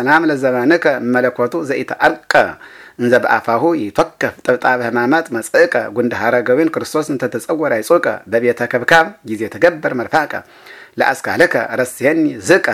ሰላም ለዘበንከ መለኮቱ አርቀ እንዘ በአፋሁ ይቶከፍ ጥብጣብ ህማማት መጽእቀ ጉንደ ሀረገዊን ክርስቶስ እንተተጸወረ አይጾቀ በቤተ ከብካብ ጊዜ ተገበር መርፋቀ ለአስካልከ ረስየኒ ዝቀ